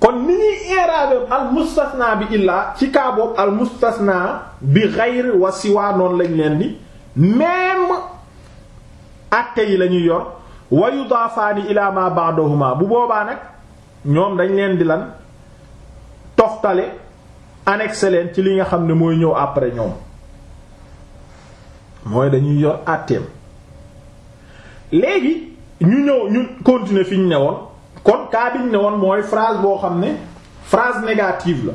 kon ni ñuy i'rab al mustasna bi illaa ci kaa boobu al mustasna bi ghayr wa siwa noonu lañ leen di même acte yi lañuy yor wayu yudaafaani ila ma ba'dahuma bu boobaa nag ñoom dañ leen di lan toftale annexé leen ci li nga xam ne mooy ñëw après ñoom mooy dañuy yor àtteem léegi ñu ñëw ñu continuer fi ñu ne woon kon kaa bi ñu ne woon mooy phrase boo xam ne phrase négative la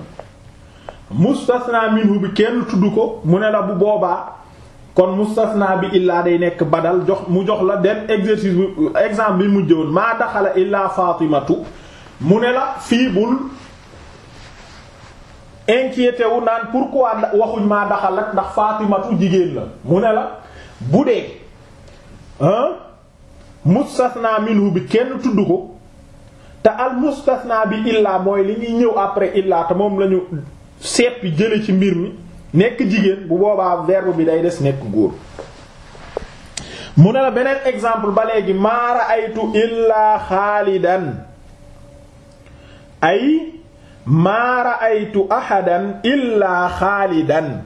mustasna minhu bi kenn tudd ko mu ne la bu boobaa kon mustasna bi illaa day nekk badal jox mu jox la dem exercice bu exemple bi mu jëwoon maa daxala illaa fatimatu mu ne la fii bul inquiété wu naan pourquoi waxuñ maa daxal ak ndax fatimatu jigéen la mu ne la bu dee mustasna minhu bi kenn tudd ko te al mustasna bi illaa mooy li ñuy ñëw après illaa te moom lañu seet bi jële ci mbir mi nekk jigéen bu boobaa verbe bi day des nekk góor mu ne la beneen exemple ba léegi maa ra'aytu illaa xaalidan ay maa ra'aytu ahadan illaa xaalidan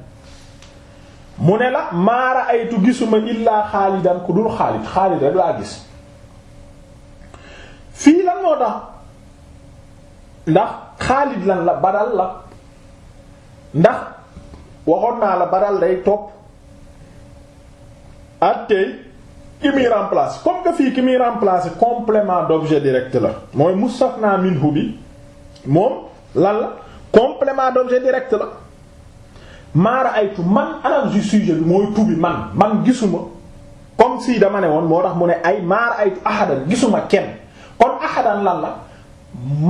mu ne la maa ra'aytu gisuma illaa xaalidan ku dul xaalid xaalid rek laa gis fii lan moo tax ndax Xaalid lan la Badal la ndax waxoon naa la Badal day topp ak tey ki muy remplacer comme que fii ki muy remplacer complément d'objet direct la mooy mustafna minhu bi moom lan la complément d'objet direct la maara aytu man anam ju sujet bi mooy tubi man man gisuma comme si dama ne woon moo tax mu ne ay maara aytu ahadan gisuma kenn kon ahadan lan la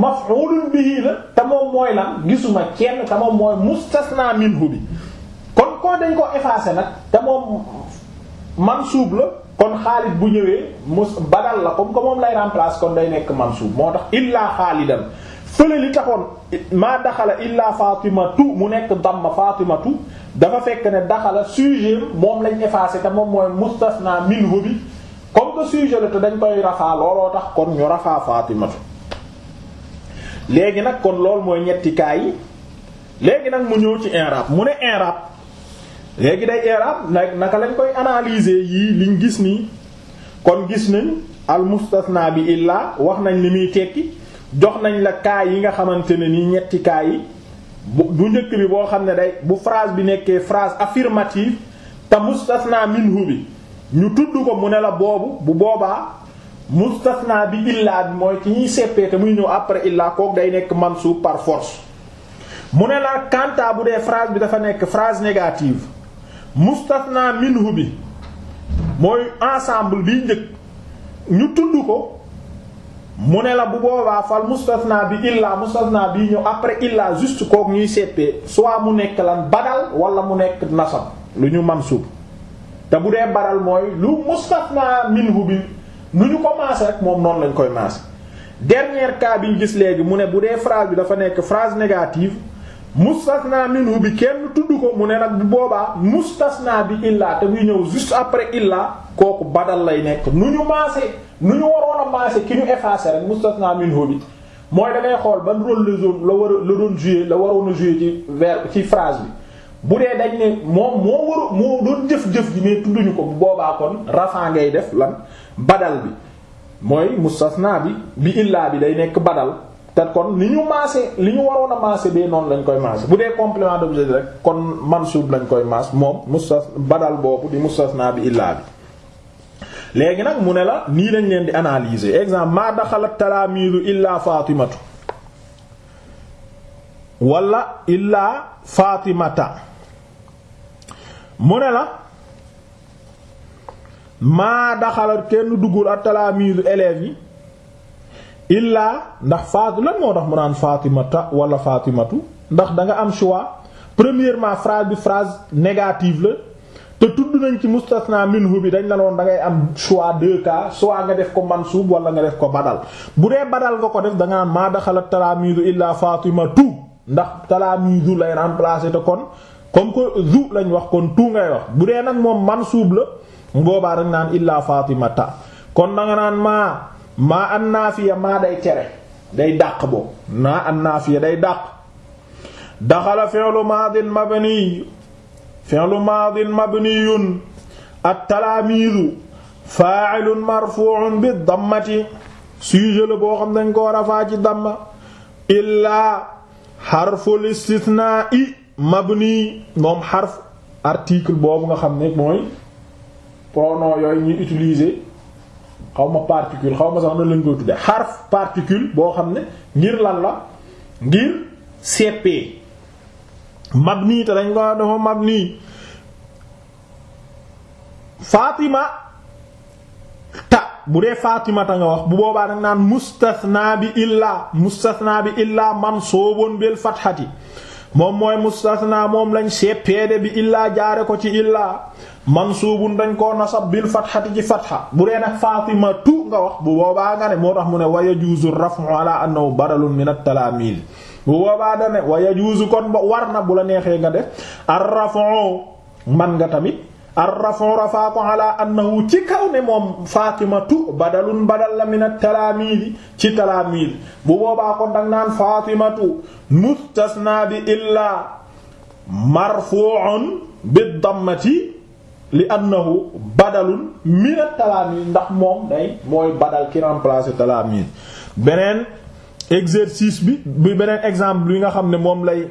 maf'ulun bihi la te mooy lan gisuma kenn te moom mooy mustasna minhu bi kon koo dañ ko effacé nag te moom mansuub la kon xaalid bu ñëwee mus badal la comme que moom lay remplacer kon day nekk mansuub moo tax illaa xaalidan fële li taxoon ma daxala illaa fatimatu mu nekk damma fatimatu dafa fekk ne daxala sujet moom lañ effacé te moom mooy mustasna minhu bi nga sujet la te dañ koy rafaa looloo tax kon ñu rafaa Faatimatu léegi nag kon loolu mooy ñetti kaa yi léegi nag mu ñëw ci inrab mu ne inrab léegi day inrab nag naka lañ koy analyser yii liñ gis nii kon gis nañ al mustasna bi illaa wax nañ li muy tekki jox nañ la kaa yi nga xamante ne nii ñetti kaa yi bu njëkk bi boo xam ne day bu phrase bi nekkee phrase affirmative te mustasna minhu bi ñu tudd ko mu ne la boobu bu boobaa mustasna bi illaa bi mooy ci ñuy seppee te muy ñëw après illaa kook day nekk mansuub par force mu ne la kanta bu dee phrase bi dafa nekk phrase négative mustasna minhu bi mooy ensemble biy njëkk ñu tudd ko mu ne la bu boobaa fal mustasna bi illaa mustasna bii ñëw après illaa juste kook ñuy seppee soit mu nekk lan badal wala mu nekk nasab lu ñu mansuub te bu dee baral mooy lu mustafna minhu bi nu ñu ko maase rek moom noonu lañ koy maase dernier cas bi ñu gis léegi mu ne bu dee phrase bi dafa nekk phrase négative mustasna minhu bi kenn tudd ko mu ne nag bu boobaa mustasna bi illa te muy ñëw juste après illa kooku badal lay nekk nu ñu maase nu ñu waroon a maase ki ñu effacé rek mustasna minhu bi mooy da xool ban rôle la zone la war a la doon la waroon a jouer ci verbe ci phrase bi bu dee dañ ne moom moo war moo doon jëf-jëf ji mais tudduñu ko bu boobaa kon rafa ngay def lan badal bi mooy mustasna bi bi illaa bi day nekk badal te kon li ñu maase li ñu waroon a maase bee noonu lañ koy maase bu dee complément d'objet rek kon mansub lañ koy maas moom mustas badal boobu di mustasna bi illaa bi léegi nag mu ne la nii lañ leen di analyser exemple ma daxalat talaamiidu illaa fatimatu wala illaa fatimata mu ne la maa daxalat kenn duggul ak talaamiisu élèves yi illaa ndax faatu lan moo tax mu naan fatimata wala fatimatu ndax da nga am choix premièrement phrase bi phrase la te tudd nañ ci mustasna minhu bi dañ la woon da ngay am choix deux cas soit nga def ko mansuub wala nga def ko badal bu dee badal nga ko def da nga naan maa daxalat talaamiisu ma fatimatu ndax talaamiisu lay remplacer te kon comme que zu lañ wax kon tu ngay wax bu dee nag moom mansuub la ngoobaa dañ naan illaa fatimata kon na naan maa maa an naafiya maa day tere day dàq boobu maa an naafiya day dàq daxala fi'lu maadin mabni fi'lu maadin mabniyun at-talaamiidu faa'ilun marfuu'un bi dammati sujet la boo xam dañ ko rafaa ci damma illaa xarful istisnaa'i mabni moom xarf article boobu nga xam ne mooy pronom yooyu ñuy utiliser xaw ma particule xaw ma sax na lañ koy tudde xarf particule boo xam ne ngir lan la ngir CP mabni te dañ ko dafa mabni faatima ta bu dee Fatima ta nga wax bu boobaa nag naan mustasna bi illaa mustasna bi illaa mansuubun bil fathati moom mooy mustasna moom lañ seppeede bi illaa jaare ko ci illaa mansuubun dañ koo nasab bil fatxati ci fatxa bu dee nag fatimatu nga wax bu boobaa nga ne moo tax mu ne wa yajuuzu raf'u na wu badalun min at-talaamiil bu boobaa da ne wa yajuuzu kon ba war na bu la neexee nga def ar-raf'u man nga tamit arrafon rafaa ko ala annahu ci kaw ne moom fatimatu badalun badal la min at-talaamiidi ci talaamiid bu boobaa kon dang naan fatimatu mustasna bi illaa marfu'un bi dammati li annahu badalun min at-talaamiid ndax moom day mooy badal ki remplacer talaamiid beneen exercice bi beneen exemple bi nga xam ne moom lay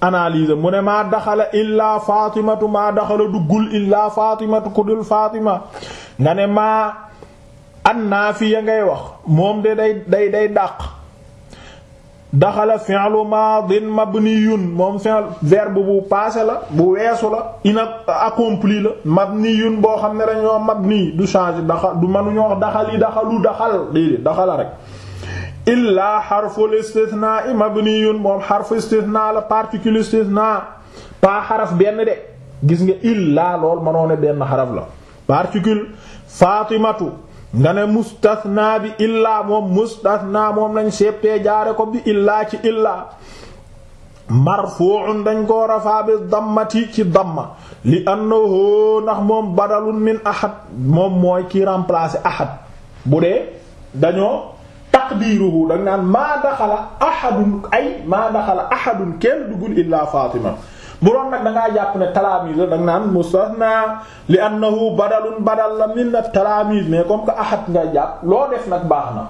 analyse mu ne maa daxala illaa fatimatu maa daxala duggul illaa fatimatu ku dul fatima nga ne maa an naa fi ya ngay wax moom de day day day dàq daxala fi'lu maadin mabniyun moom fi'l verbe bu passé la bu weesu la ina accompli la yun boo xam ne dañoo mabni du change daxal du mënuñoo wax daxal yi daxalu daxal déedéet daxala rek illaa xarful istithnaa mabniyun moom xarfu istithnaa la particule istithnaa pas xaraf benn de gis nga illaa lool mënoo benn xaraf la particule fatimatu nga ne mustathnaa bi illaa moom mustathnaa moom lañ seppee jaare ko bi illaa ci illaa marfu'un dañ ko rafaa bi dammati ci damma li annahu ndax moom badalun min ahad moom mooy ki remplacer ahad bu dee dañoo taqdiruhu danga naan maa daxala ahadun ay maa daxala kenn duggul illaa Fatima bu doon nag da ngaa jàpp ne talaamiis la danga naan mustasna li annahu badalun badal la min na talaamiis mais comme que ahad nga jàpp loo def nag baax na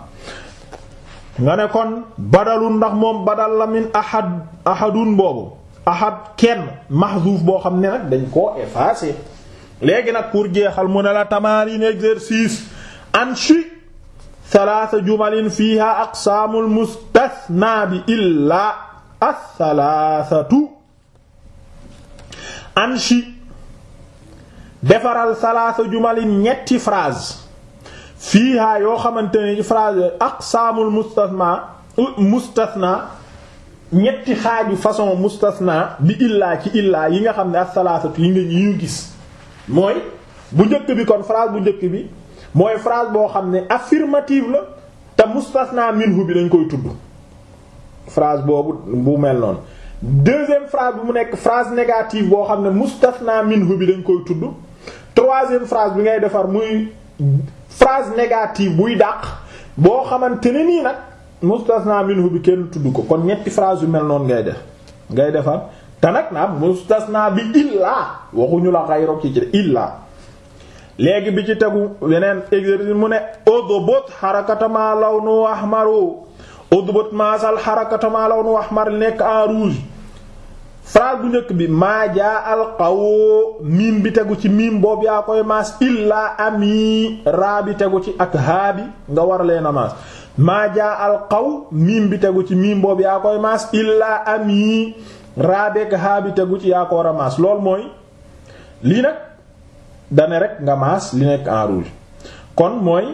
nga ne kon badalun ndax moom badal la min ahad ahadun boobu ahad kenn mahzuuf boo xam ne nag dañ koo effacé léegi nag pour jeexal mu ne la tamarin exercice an shi salaasa jumalin fiiha aqsaamul mustasnaa bi illaa as-salaasatu defaral salaasa jumalin ñetti phrase fiiha yoo xamante ne ci phrase yooyu aqsaamul mustasnaa mustasnaa ñetti xaaju façon mustasnaa bi illaa ci illaa yi nga xam ne as-salaasatu yi nga ñu gis mooy bu njëkk bi kon phrase bu njëkk bi mooy phrase boo xam ne affirmative la te mustasna minhu bi dañ koy tudd phrase boobu bu mel noonu deuxième phrase bu mu nekk phrase négative boo xam ne mustasna minhu bi dañ koy tudd troisième phrase bi ngay defar muy phrase négative buy dàq boo xamante ne nii nag mustasna minhu bi kenn tudd ko kon ñetti phrase yu mel noonu ngay def ngay defar te nag naam mustasna bi illaa waxuñu la xayro ci ci illaa léegi bi ci tegu beneen exercice mu ne udbut harakata ma lawnu ahmaru udbut maasal harakata ma lawnu ahmar nekk en rouge phrase bu njëkk bi maa jaa miim bi tegu ci miim boobu yaa koy maas illaa ami raa tegu ci ak haa bi nga bi tegu ci miim boobu yaa tegu ci yaa ko war a maas loolu mooy lii nag dane rek nga maas li nekk en rouge kon mooy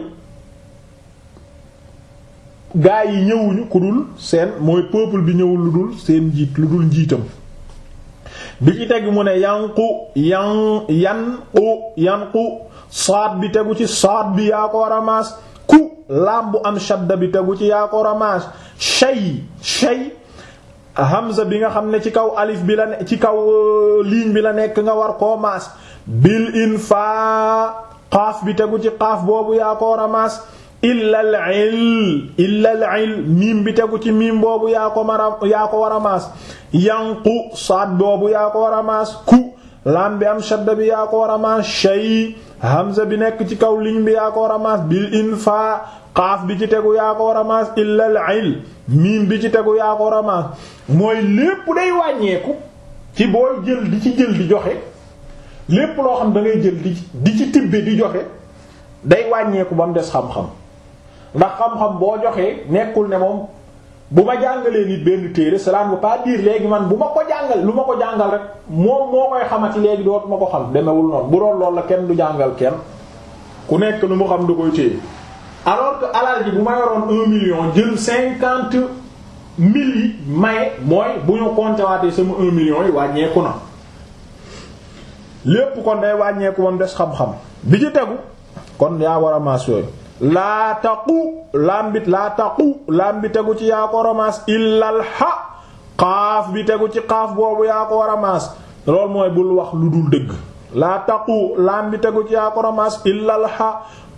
gaa yi ñëwuñu ku dul seen mooy peuple bi ñëwul lu dul seen njiit lu dul njiitam bi ci teg mu ne yanqu yan yanqu yanqu bi tegu ci saad bi yaa ko war a maas ku laam bu am shadda bi tegu ci yaa ko war a maas shay shay hamza bi nga xam ne ci kaw alif bi la ne ci kaw euh, ligne bi la nekk nga war koo maas bil infaa xaaf bi tegu ci xaaf boobu yaa ko ramaas illal il illal il miim bi tegu ci miim boobu yaa ko war a ko ramaas yanqu saad boobu yaa ko ramaas ku lam bi am shadda bi yaa ko ramaas shay hamza bi nekk ci kaw liñ bi yaa ko ramaas bil infaa xaaf bi ci tegu yaa ko ramaas illal il miim bi ci tegu yaa ko ramaas mooy lépp day wàññeeku ci booy jël di ci jël di joxe lépp loo xam da ngay jël di di ci tibbe di joxe day wàññeeku ba mu des xam-xam ndax xam-xam boo joxee nekkul ne moom bu ma jàngalee nit benn téere cela ne veut pas léegi man bu ma ko jàngal lu ma ko jàngal rek moom moo koy xamati léegi dootu ma ko xam demewul noonu bu doon loolu la kenn du jàngal kenn ku nekk lu mu xam du koy téye alors que alal ji bu ma yoroon un million jël cinquante mille yi maye mooy bu ñu compter sama un million yi wàññeeku na. lépp kon day wàññeeku moom des xam-xam bi ci tegu kon yaa war a maas yooyu laa taqu laam bi laa taqu laam bi tegu ci yaa ko war a maas illal bi tegu ci xaaf boobu ko war a loolu mooy bul wax lu dul dëgg laa taqu laam bi tegu ci yaa ko war a maas illal ha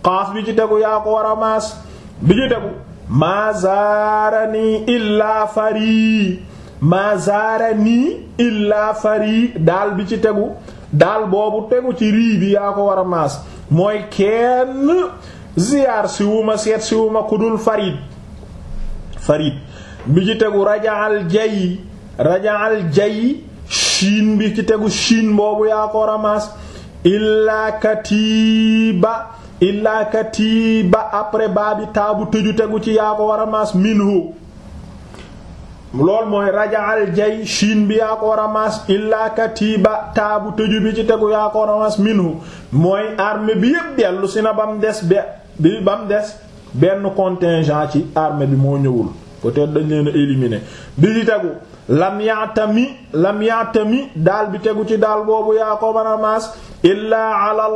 xaaf bi ci tegu yaa ko war a maas bi ci tegu mazaarani illaa fari mazaarani illaa fari daal bi ci tegu daal boobu tegu ci rii bi yaa ko war a maas mooy kenn ziyaar si wu seet si wu ku dul farid farid bi ci tegu rajaal jay rajaal jay shiin bi ci tegu shiin boobu yaa ko war a maas illaa katiba illaa katiba après baa bi taabu tëju tegu ci yaa ko war a maas minhu lool mooy raja al jay shiin bi yaa ko ramas illaa katiba taabu tëju bi ci tegu yaa ko ramas minhu mooy armée bi yépp dellu si na ba mu des bi ba mu des benn contingent ci armée bi moo ñëwul peut-être dañ leen a bi ci tegu lam yaatami lam yaatami daal bi tegu ci daal boobu yaa ko ramas illaa ala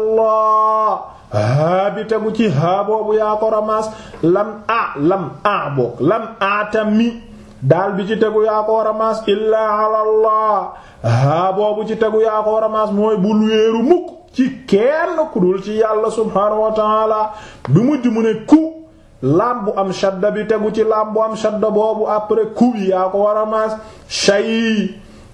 haa bi tegu ci haa boobu yaa ko ramas lam a lam a boog lam aatami daal bi ci tegu yaa ko war a maas illaa alallah haa boobu ci tegu yaa ko war a maas mooy bul wéeru mukk ci kenn ku dul ci yàlla subhaanahu wa bi mujj mu ne ku laam bu am shadda bi tegu ci laam bu am shadda boobu après ku bi yaa ko war a maas shay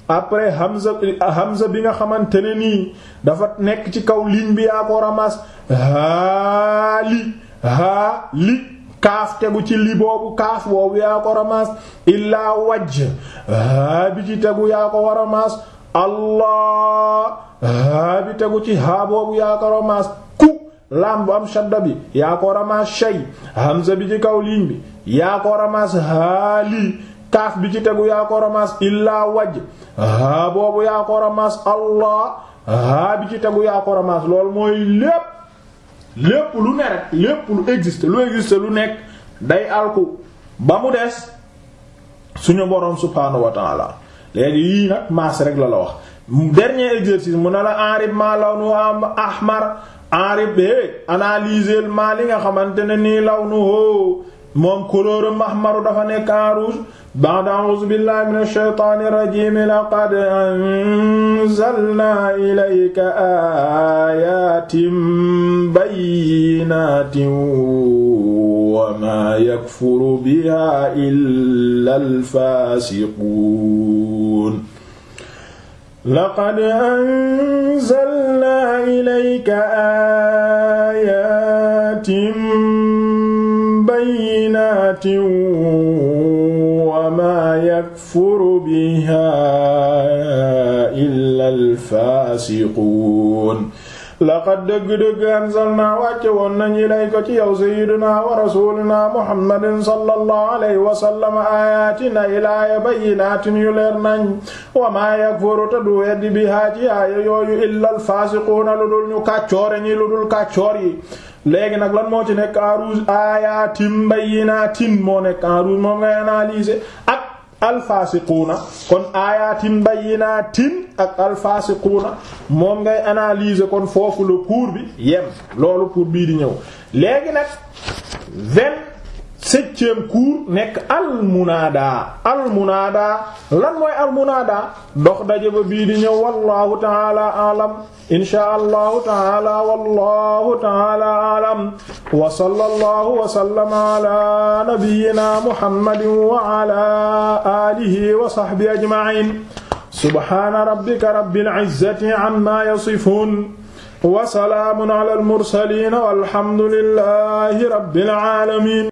après hamza hamza bi nga xamante ne nii dafa nekk ci kaw ligne bi yaa ko war a maas haali haali kaaf tegu ci li boobu kaaf boobu yaa ko ramaas illaa wajj haa bi ci tegu yaa ko ramaas allah haa bi tegu ci haa boobu yaa ko ramaas ku laam am shadda bi yaa ko ramaas shay hamza bi ci kaw liiñ bi yaa ko ramaas haa lii kaaf bi ci tegu yaa ko ramaas illaa wajj haa boobu yaa ko ramaas allah haa bi ci tegu yaa ko ramaas loolu mooy lépp lépp lu ne rek lépp lu existe lu existe lu nekk day alku ba mu des suñu boroom subhaanahu wa ta'ala léegi yii nag maas rek la la wax dernier exercice mu ne la enrib ma lawnu ahmar enrib eh, analyser ma li nga xamante ne nii lawnu moom couleur mahmaru dafa nekk en rouge ba'da a'uuzu billahi minash shaytaanir rajiim laqad anzalnaa ilayka aayaatin bayyinaatin wa maa yakfuru bihaa illal faasiquun laqad anzalnaa ilayka aayaatin bayyinaatin wa maa yakfuru bihaa illaa al-faasiquun laqad dëgg-dëgg anzalnaa wàcce woon nañu ilayka ci yow sayyidinaa wa rasuulinaa muhammadin sallallahu alayhi wa sallam aayaatina ilaaya bayyinaatin yu leer nañ wa maa yakfuru te du weddi bihaa ci aaya yooyu illaa al-faasiquuna lu dul ñu kàccoor ñi lu dul kàccoor yi léegi nag lan moo ci nekk en rouge ayatim bayyinatin moo nekk en rouge moom ngay analyser ak alfaasiquuna kon ayatin bayyinatin ak kuuna moom ngay analyser kon foofu la cours bi yem loolu pour bii di ñëw léegi nag vingt septième cours nekk almunaada almunaada lan mooy almunaada dox daje ba bii di ñëw wallahu taala alam insha allahu taala wallahu taala alam wa sallallahu wa sallama ala nabiyyina muhammadin wa ala alihi wa sahbihi ajma'in subhana rabbika rabbil izzati amma yasifun wa salaamun ala al mursalin walhamdulillahi rabbil alamin